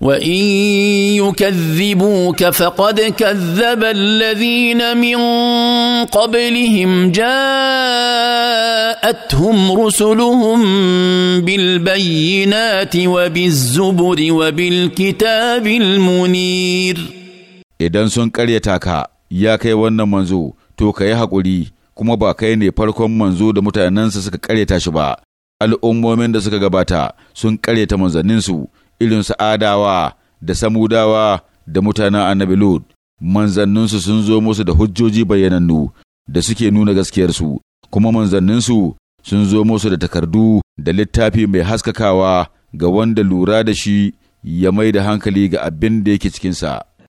وان يكذبوك فقد كذب الذين من قبلهم جاءتهم رسلهم بالبينات وبالزبر وبالكتاب المنير idan sun ƙaryata ka ya kai wannan manzo to ka yi haƙuri kuma ba kai ne farkon manzo da mutanensa suka ƙaryata shi ba al'ummomin da suka gabata sun ƙaryata manzanninsu irin su adawa da samudawa da mutanen annabi Lod, manzanninsu sun zo musu da hujjoji bayyanannu da suke nuna gaskiyarsu, kuma manzanninsu sun zo musu da takardu da littafi mai haskakawa ga wanda lura da shi ya mai da hankali ga abin da yake cikinsa.